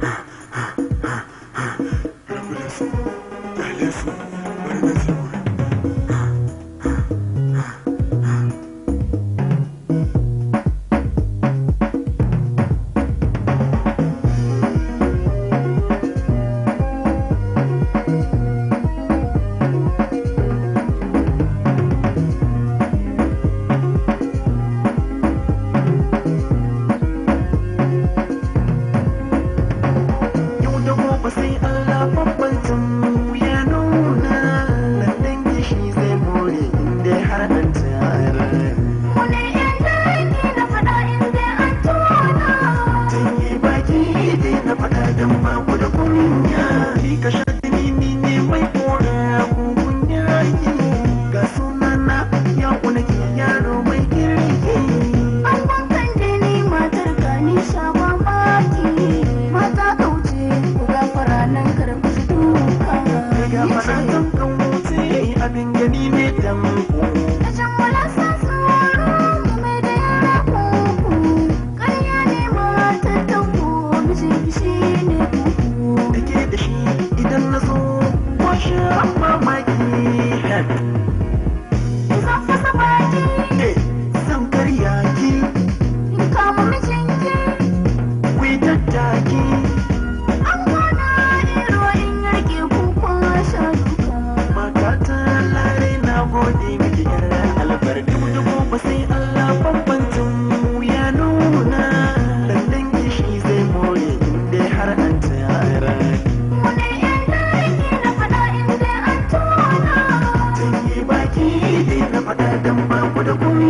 Huh? 我的姑娘，你可傻？mamaki. Zafi samari.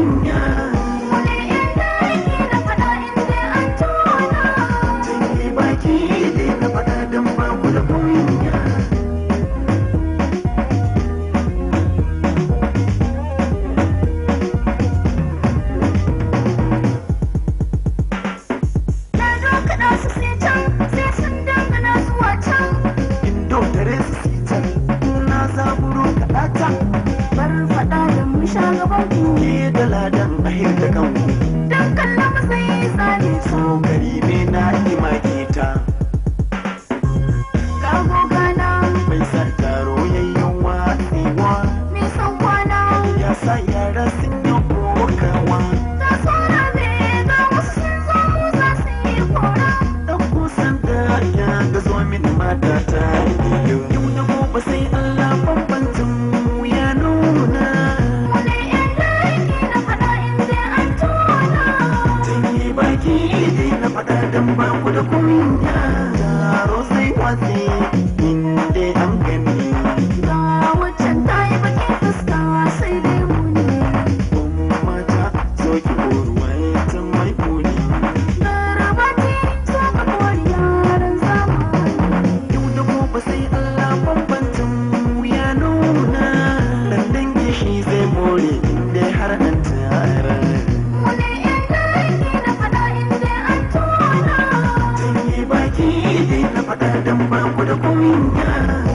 Virginia. gaban ki da ladan ahir da kanku dan kallon sai tsane so gari ne na ima kita kago gana mai sarkaro yayyan watsiwa mai san kwana ya sa yara sun yi kokawa da tsora ne wasu sun zo mu za yi kora dan kusan ya ga zo mini mata ta yau da gobe sai Allah ku da kunya yaro sai watsi faɗa don ba ku da kunya